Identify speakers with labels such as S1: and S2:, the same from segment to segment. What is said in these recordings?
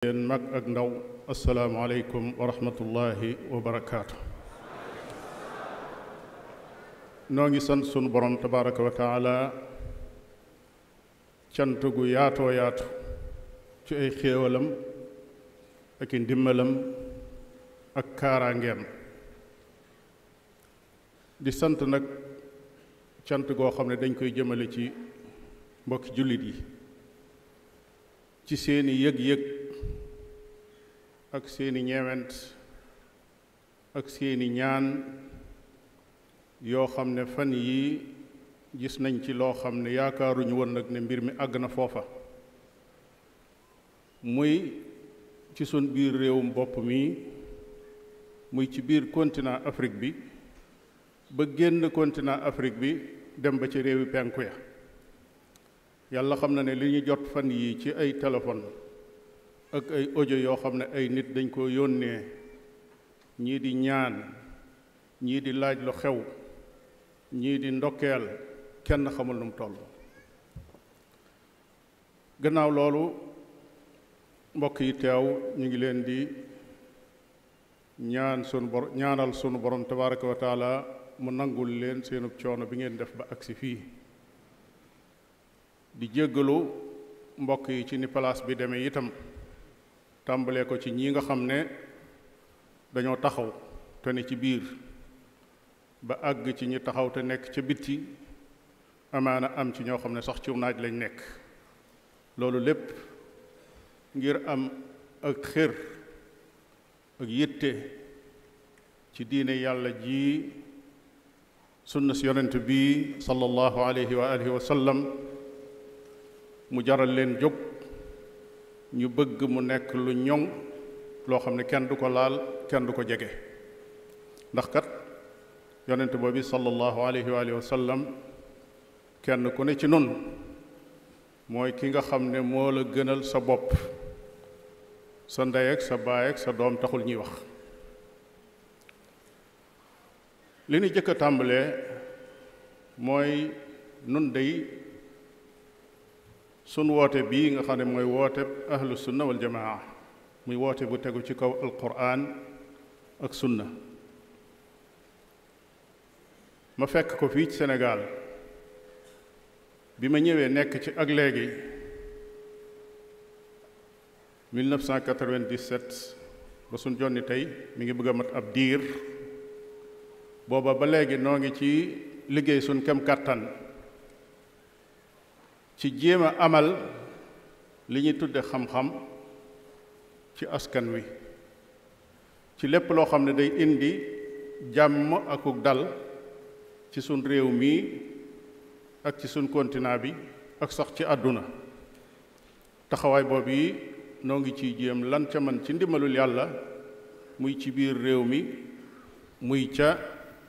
S1: yéen mag ak ndaw asalaamaaleykum wa noo ngi sant sunu borom tabaraka gu yaatoo yaatu ci ay xéewalam ak i ndimbalam ak kaaraangeem di sant nag cant goo xam ne dañ koy jëmale ci mbokki jullit yi ci seeni yëg-yëg ak seeni ñeewent ak seeni ñaan yoo xam ne fan yii gis nañ ci loo xam ne yaakaaruñu woon nag ne mbir mi àgg na foofa muy ci sun biir réewum bopp mi muy ci biir continent Afrique bi ba génn continent Afrique bi dem ba ci réewi penku ya yàlla xam na ne li ñu jot fan yii ci ay téléphone ak ay audio yoo xam ne ay nit dañ ko yónnee ñii di ñaan ñii di laaj lu xew ñii di ndokkeel kenn xamul nu mu gannaaw loolu mbokk yi teew ñu ngi leen di ñaan sunu bor ñaanal sunu borom tabaraka wa mu nangul leen seenub coono bi ngeen def ba agsi fii di jéggalu mbokk yi ci ni palaas bi demee itam tàmbalee ko ci ñi nga xam ne dañoo taxaw te ne ci biir ba àgg ci ñi taxaw te nekk ca bitti amaana am ci ñoo xam ne sax ci naaj lañ nekk loolu lépp ngir am ak xër ak yitte ci diine yàlla ji sunna si yonent bi sallallahu alayhi wa alihi mu jaral leen jóg ñu bëgg mu nekk lu ñoŋ loo xam ne kenn du ko laal kenn du ko jege ndax kat yonent boobu sallallahu alayhi wa alihi wa kenn ku ne ci nun mooy ki nga xam ne moo la gënal sa bopp sa ndey ak sa baay ak sa doom taxul ñuy wax li ñu jëkk a tàmbalee mooy nun day sun woote bii nga xam ne mooy woote ahlu sunna wal muy woote bu tegu ci kaw alquran ak sunna ma fekk ko fii ci senegaal bi ma ñëwee nekk ci ak léegi 1997 ba suñ jonni tey mu ngi bëgg a mat ab diir booba ba léegi noo ngi ci liggéey suñ kem kàttan ci jéem a amal li ñuy tudde xam-xam ci askan wi ci lépp loo xam ne day indi jàmm akuk dal ci sun réew mii ak ci sun continent bi ak sax ci àdduna taxawaay boobu yi noo ngi ciy jéem lan ca man ci ndimbalul yàlla muy ci biir réew mi muy ca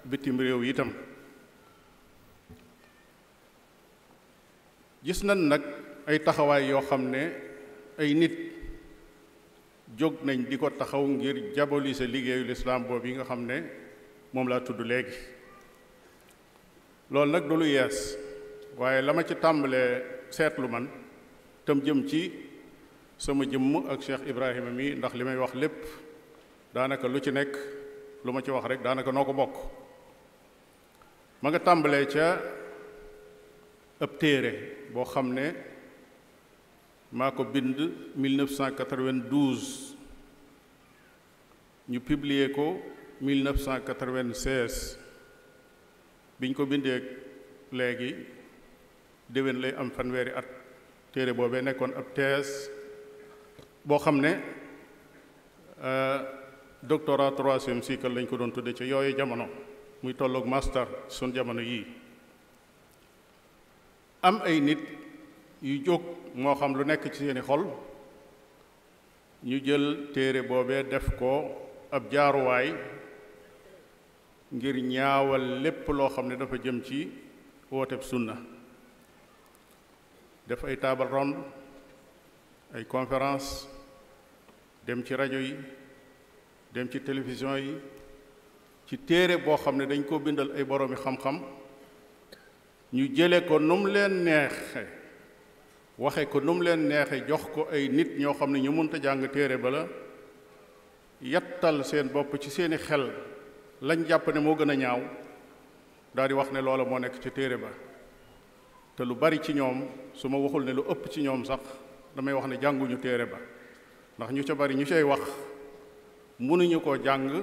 S1: bitim réew itam gis nan nag ay taxawaay yoo xam ne ay nit jóg nañ di ko taxaw ngir jabolise liggéeyu lislaam boobu yi nga xam ne moom laa tudd léegi loolu nag du lu yees waaye la ma ci tàmbalee seetlu man tam jëm ci sama jëm ak Cheikh Ibrahima mi ndax li may wax lépp daanaka lu ci nekk lu ma ci wax rek daanaka noo ko bokk ma nga tàmbalee ca ab téere boo xam ne maa ko bind 1992 ñu publier ko 1996 biñ ko bindee léegi déwén lay am fanweeri at téere boobee nekkoon ab thèse boo xam ne euh, doctorat troisième cycle lañ ko doon tudde ci yooyu jamono muy tolloog master sun jamono yii am ay nit yu jóg moo xam lu nekk ci seeni xol ñu jël téere boobee def ko ab jaaruwaay ngir ñaawal lépp loo xam ne dafa jëm ci wooteb sunna def ay taabal ronde ay conférence dem ci rajo yi dem ci télévision yi ci téere boo xam ne dañ koo bindal ay boroomi xam-xam ñu jële ko nu leen neexe waxe ko nu leen neexe jox ko ay nit ñoo xam ne ñu mënta jàng téere ba la yattal seen bopp ci seeni xel lañ jàpp ne moo gën a ñaaw daldi wax ne loola moo nekk ci téere ba te lu bari ci ñoom su ma waxul ne lu ëpp ci ñoom sax damay wax ne jànguñu téere ba ndax ñu ca bari ñu cay wax mënuñu koo jàng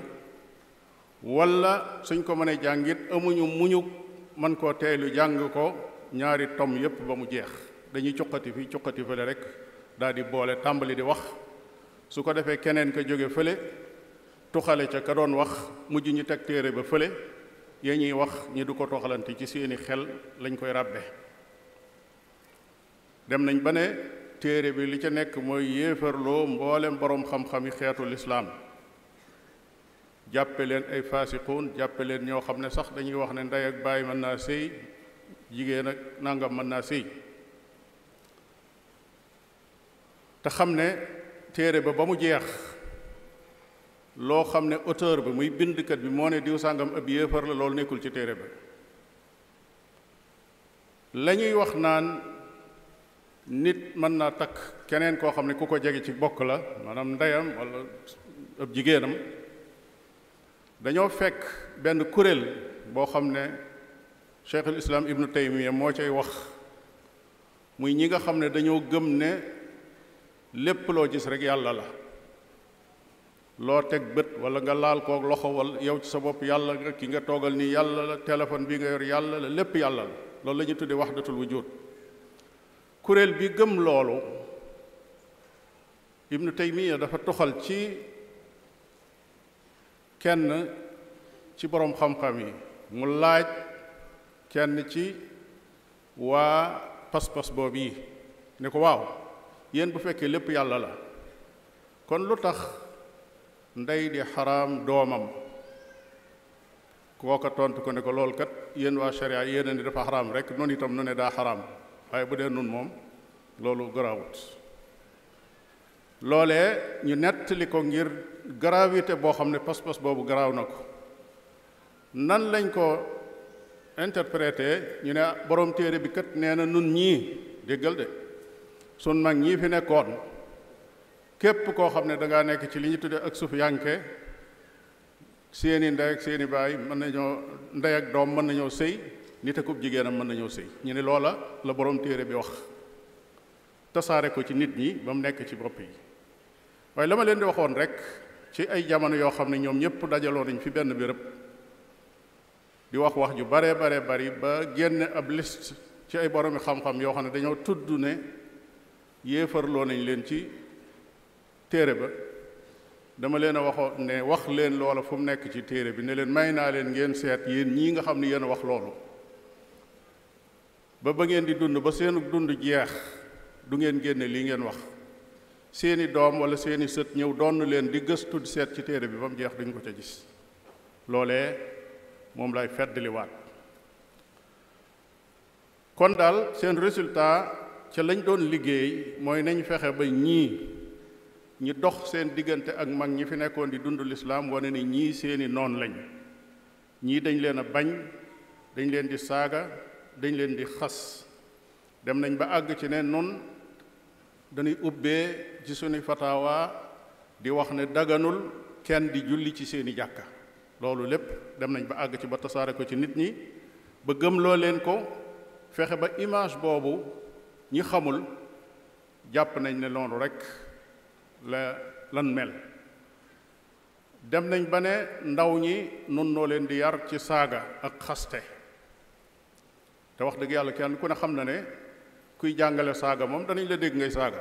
S1: walla suñ ko mënee jàngit amuñu muñu man koo teelu jàng ko ñaari tom yépp ba mu jeex dañuy cuqati fii cuqati fële rek daal di boole tàmbali di wax su ko defee keneen ka jóge fële tuxale ca ka doon wax mujj ñu teg téere ba fële ya ñuy wax ñi du ko toxalante ci seeni xel lañ koy ràbbe dem nañ ba ne téere bi li ca nekk mooy yéefarloo mboolem borom xam yi xeetu lislaam jàppe leen ay faasiquun jàppe leen ñoo xam ne sax dañuy wax ne ndey ak baay mën naa sëy jigéen ak nangam mën naa sëy te xam ne téere ba ba mu jeex loo xam ne auteur ba muy bindkat bi moo ne diw sàngam ab yéefar la loolu nekkul ci téere ba lañuy wax naan nit mën naa takk keneen koo xam ne ku ko jege ci bokk la maanaam ndeyam walla ab jigéenam dañoo fekk benn kuréel boo xam ne cheikhul islam ibnu taymiya moo cay wax muy ñi nga xam ne dañoo gëm ne lépp loo gis rek yàlla la loo teg bët wala nga laal kook loxo wala yow ci sa bopp yàlla nga ki nga toogal nii yàlla la téléphone bi nga yor yàlla la lépp yàlla la loolu la ñuy tuddee waxdatul wujud kuréel bi gëm loolu ibnu taymiya dafa toxal ci kenn ci boroom xam-xam yi mu laaj kenn ci waa pas-pas boobu yi ne ko waaw yéen bu fekkee lépp yàlla la kon lu tax ndey di xaraam doomam kooka tontu ko ne ko loolu kat yéen waa sharia yéen a ni dafa xaraam rek noonu itam nu ne daa xaraam waaye bu dee nun moom loolu garaawut loolee ñu nettali ko ngir gravité boo xam ne pas-pas boobu garaaw na ko nan lañ ko interprété ñu ne borom téere bi kat nee na nun ñii déggal de sun mag ñii fi nekkoon képp koo xam ne dangaa nekk ci li ñu tudde ak sufiyanke seeni ndey ak seeni baay mën nañoo ndey ak doom mën nañoo sëy nit ak jigéenam mën nañoo sëy ñu ne loola la borom téere bi wax tasaare ko ci nit ñi ba mu nekk ci bopp yi waaye dama leen di waxoon rek ci ay jamono yoo xam ne ñoom ñëpp dajaloo nañ fi benn béréb di wax wax ju bare bare bari ba génne ab liste ci ay boromi xam-xam yoo xam ne dañoo tudd ne yéefarloo nañ leen ci téere ba dama leen a waxoon ne wax leen loola fu mu nekk ci téere bi ne leen may naa leen ngeen seet yéen ñii nga xam ne yéen wax loolu ba ba ngeen di dund ba seenu dund jeex du ngeen génne lii ngeen wax seeni doom wala seeni sët ñëw donn leen di gëstu di seet ci téere bi ba mu jeex duñ ko ca gis loolee moom lay feddliwaat kon daal seen résultat ca lañ doon liggéey mooy nañ fexe ba ñii ñi dox seen diggante ak mag ñi fi nekkoon di dund lislaam wane ni ñii seeni noon lañ ñii dañ leen a bañ dañ leen di saaga dañ leen di xas dem nañ ba àgg ci ne nun dañuy ubbee ci suñu fatawa di wax ne daganul kenn di julli ci seeni jàkka loolu lépp dem nañ ba àgg ci ba tasaare ko ci nit ñi ba gëm loo leen ko fexe ba image boobu ñi xamul jàpp nañ ne loolu rek la lan mel dem nañ ba ne ndaw ñi nun noo leen di yar ci saaga ak xaste te wax dëgg yàlla kenn ku ne xam na ne kuy jàngale saaga moom danañ la dégg ngay saaga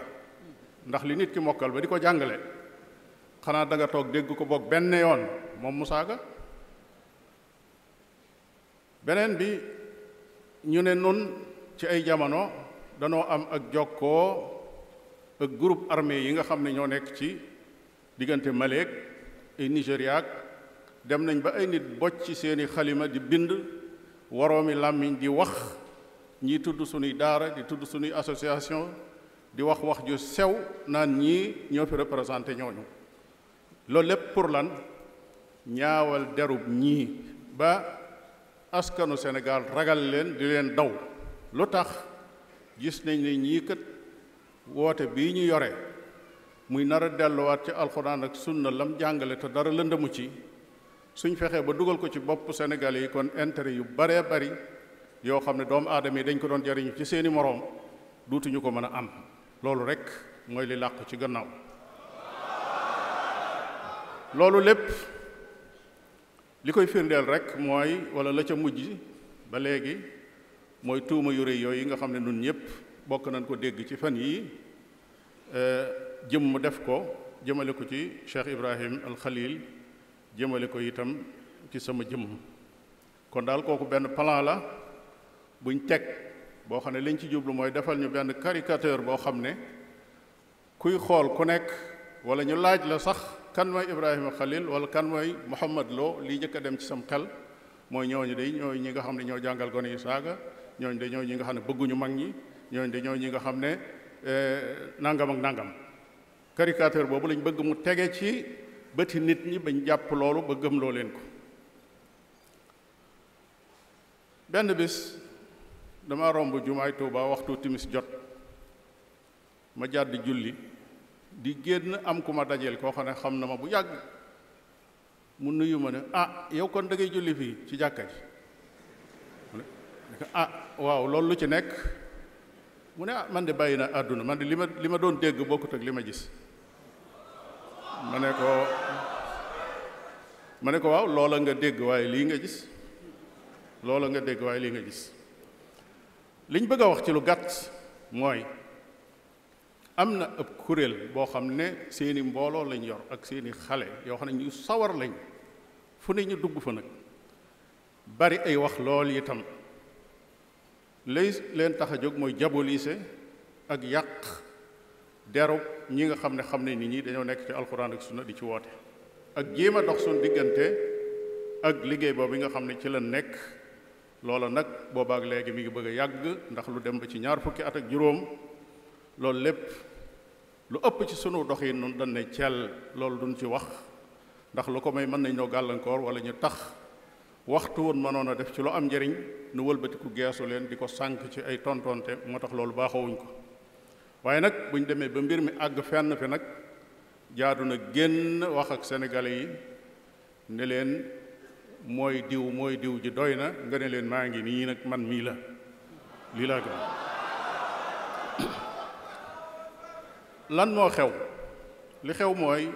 S1: ndax li nit ki mokkal ba di ko jàngale xanaa danga toog dégg ko boog benn yoon moom mu saaga beneen bi ñu ne nun ci ay jamono danoo am ak jokkoo ak groupe armé yi nga xam ne ñoo nekk ci diggante Mali ak ay Nigéria dem nañ ba ay nit ci seeni xalima di bind woroomi làmmiñ di wax ñii tudd suñuy daara di tudd suñuy association di wax wax ju sew naan ñii ñoo fi représenté ñooñu loolu lépp pour lan ñaawal derub ñii ba askanu Sénégal ragal leen di leen daw lu tax gis nañ ne ñii woote bii ñu yore muy nar a delluwaat ci alxuraan ak sunna lam jàngale te dara lëndëmu ci suñ fexee ba dugal ko ci bopp Sénégal yi kon intérêt yu baree bari yoo xam ne doomu aadama yi dañ ko doon jariñu ci seeni moroom duutuñu ko mën a am loolu rek mooy li làqu ci gannaaw loolu lépp li koy firndeel rek mooy walla la ca mujj ba léegi mooy tuuma yu rëy yooyu nga xam ne nun ñëpp bokk nañ ko dégg ci fan yi euh, jëm mu def ko jëmale ko ci Cheikh Ibrahim al jëmale ko itam ci sama jëmm kon daal kooku benn plan la buñ teg boo xam ne liñ ci jublu mooy defal ñu benn caricature boo xam ne kuy xool ku nekk wala ñu laaj la sax kan mooy Ibrahima Khalil wala kan mooy Mouhamad Lo lii njëkk a dem ci sam xel mooy ñooñu day ñooy ñi nga xam ne ñoo jàngal gone yi saaga ñooñu de ñooy ñi nga xam ne bëgguñu mag ñi ñooñu de ñooy ñi nga xam ne eh, nangam ak nangam caricature boobu lañu bëgg mu tege ci bëti nit ñi bañ jàpp loolu ba gëm loo leen ko benn bis dama romb jumaay Tuubaa waxtu timis jot ma jàdd julli di génn am ku ma dajeel koo xam ne xam na ma bu yàgg mu nuyu ma ne ah yow kon da ngay julli fii ci jàkka ji mu ne ah, waaw loolu lu ci nekk mu ne ah man de bàyyi na àdduna man de li ma doon dégg bokkut ak li ma gis ma ne ko ma ne ko waaw loola nga dégg waaye lii nga gis loola nga dégg waaye lii nga gis liñ bëgg a wax ci lu gàtt mooy am na ab kuréel boo xam ne seeni mbooloo lañ yor ak seeni xale yoo xam ne ñu sawar lañ fu ne ñu dugg fa nag bari ay wax lool itam lay leen tax a jóg mooy diaboliser ak yàq deru ñi nga xam ne xam ne nit ñi dañoo nekk ci alxuraan ak sunna di ci woote ak jéem a dox suñu diggante ak liggéey boobu nga xam ne ci la nekk loola nag boobaak léegi mi ngi bëgg a yàgg ndax lu dem ba ci ñaar fukki at ak juróom loolu lépp lu ëpp ci sunu dox yi nun dañ ne loolu duñ ci wax ndax lu ko may mën nañoo gàllankoor wala ñu tax waxtu woon mënoon def ci lu am njariñ nu wëlbatiku geesu leen di ko sànq ci ay tontonte moo tax loolu baaxawuñ ko waaye nag bu demee ba mbir mi àgg fenn fi nag jaadu na génn wax ak sénégalais yi ne leen mooy diw mooy diw ji doy na nga ne leen maa ngi nii nag man mii la lii laa gëm lan moo xew li xew mooy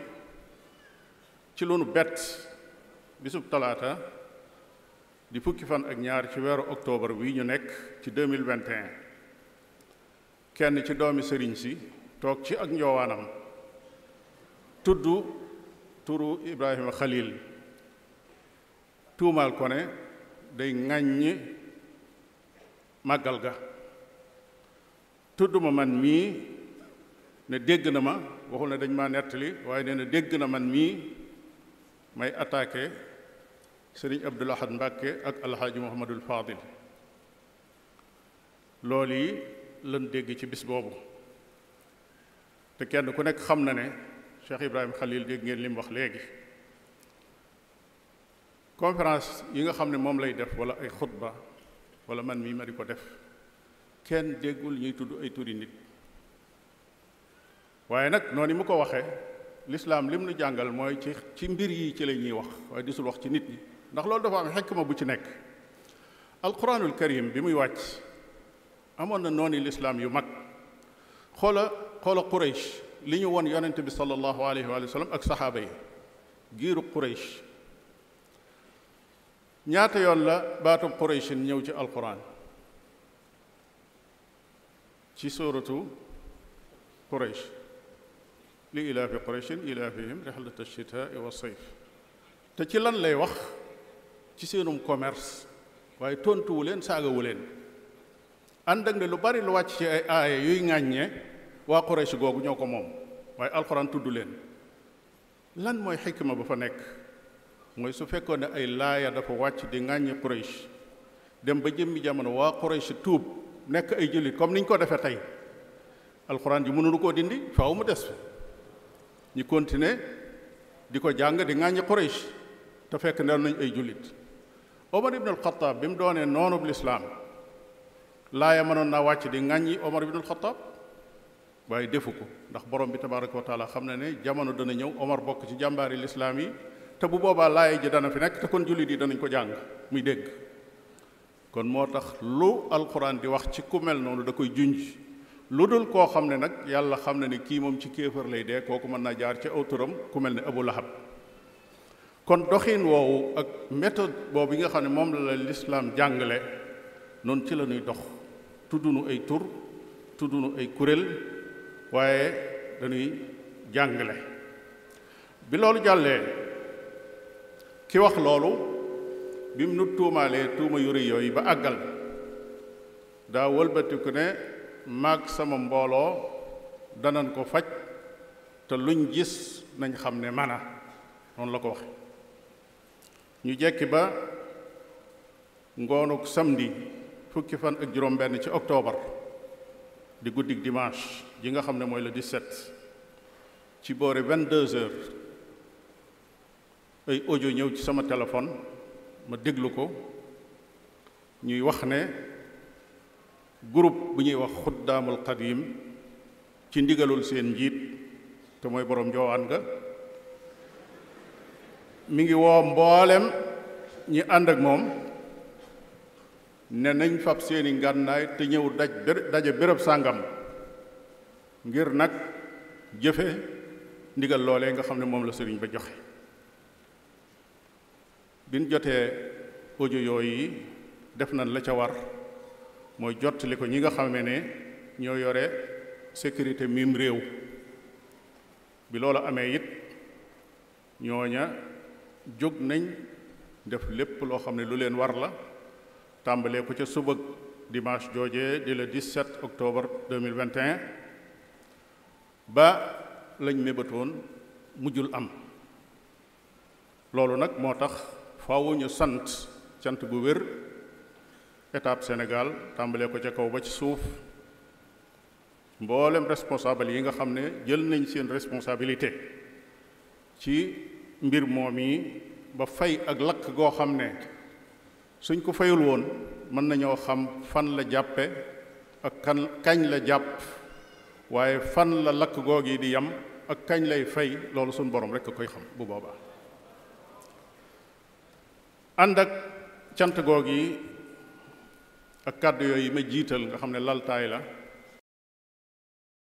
S1: ci loonu nu bett bisub talaata di fukki fan ak ñaar ci weeru octobre wi ñu nekk ci 2021 kenn ci doomi sëriñ si toog ci ak njoowaanam tudd turu Ibrahima Khalil tuumaal ko ne day ŋàññi màggal ga tudd ma man mii ne dégg na ma waxul ne dañ ma nettali waaye nee na dégg na man mii may attaqué sëriñ Abdul Ahad Mbàkke ak alxaaji Muhammadul Faadil loolu yi lan dégg ci bis boobu te kenn ku nekk xam na ne Cheikh Ibrahima Khalil dégg ngeen li wax léegi conférence yi nga xam ne moom lay def wala ay xutba wala man mii ma di ko def kenn déggul ñuy tudd ay turi nit waaye nag noonu mu ko waxee lislaam lim nu jàngal mooy ci ci mbir yi ci la ñuy wax waaye disul wax ci nit yi ndax loolu dafa am xekma bu ci nekk alquranul karim bi muy wàcc amoon na noonu lislaam yu mag xoola xoola quraysh li ñu won yonent bi sallallahu alayhi wa sallam ak saxaaba yi giiru quraysh ñaata yoon la baatum Qurayshin ñëw ci alquran ci suuratu Quraysh li ilaafi Qurayshin ilaafihim rixlata shitaai wa sayf te ci lan lay wax ci seenum commerce waaye tontuwu leen saagawu leen ànd ak ne lu bari lu wàcc ci ay aaya yuy ŋàññe waa Quraysh googu ñoo ko moom waaye alquran tudd leen lan mooy xikma ba fa nekk mooy su fekkoon ne ay laaya dafa wàcc di ŋàññi Quraysh dem ba jëmmi jamono waa Quraysh tuub nekk ay jullit comme niñ ko defee tey alxuraan ji mënuñu koo dindi faw mu des ñu continuer di ko jàng di ŋàññi Quraysh te fekk ne nañ ay jullit Omar ibn al-Khattab bi mu doonee noonu bu lislaam laaya mënoon naa wàcc di ŋàññi Omar ibn al waaye defu ko ndax borom bi tabaaraka wa taala xam na ne jamono dana ñëw Omar bokk ci jàmbaari lislaam yi te bu boobaa laay ji dana fi nekk te kon jullit yi danañ ko jàng muy dégg kon moo tax lu alxuraan di wax ci ku mel noonu da koy junj lu dul koo xam ne nag yàlla xam na ni kii moom ci kéefar lay dee kooku mën naa jaar ci aw turam ku mel ne abu lahab kon doxin woowu ak méthode boobu nga xam ne moom la la lislaam jàngale noonu ci la ñuy dox tuddunu ay tur tuddunu ay kuréel waaye dañuy jàngle bi loolu jàllee ci wax loolu bi mu nu tuumaalee tuuma yu rëy yooyu ba àggal daa wëlbatiku ne mag sama mbooloo danan ko faj te luñ gis nañ xam ne mana noonu la ko waxe ñu jekki ba ngoonuk samedi fukki fan ak juróom benn ci octobre di guddik dimanche ji nga xam ne mooy le 17 ci boori 22 heures ay audio ñëw ci sama téléphone ma déglu ko ñuy wax ne groupe bu ñuy wax xuddaamul xadim ci ndigalul seen njiit te mooy borom njoowaan nga mi ngi woo mboolem ñi ànd ak moom ne nañ fab seeni ngànnaay te ñëw daj daje béréb sàngam ngir nag jëfe ndigal loole nga xam ne moom la sëriñ ba joxe biñ jotee audio yooyu yi def nañ la ca war mooy jottali ko ñi nga xamee ne ñoo yore sécurité mim réew bi loolu amee it ñooña jóg nañ def lépp loo xam ne lu leen war la tàmbalee ko ca suba dimanche jooje di le 17 octobre 2021 ba lañ mébatoon mujjul am loolu nag moo tax faaw sant cant bu wér étape Sénégal tàmbalee ko ca kaw ba ci suuf mboolem responsable yi nga xam ne jël nañ seen responsabilité ci mbir moom yi ba fay ak lakk goo xam ne suñ ko fayul woon mën nañoo xam fan la jàppe ak kan kañ la jàpp waaye fan la lakk googi di yam ak kañ lay fay loolu suñ borom rekk a koy xam bu boobaa ànd ak cant goog yi ak kàddu yooyu ma jiital nga xam ne laltaay la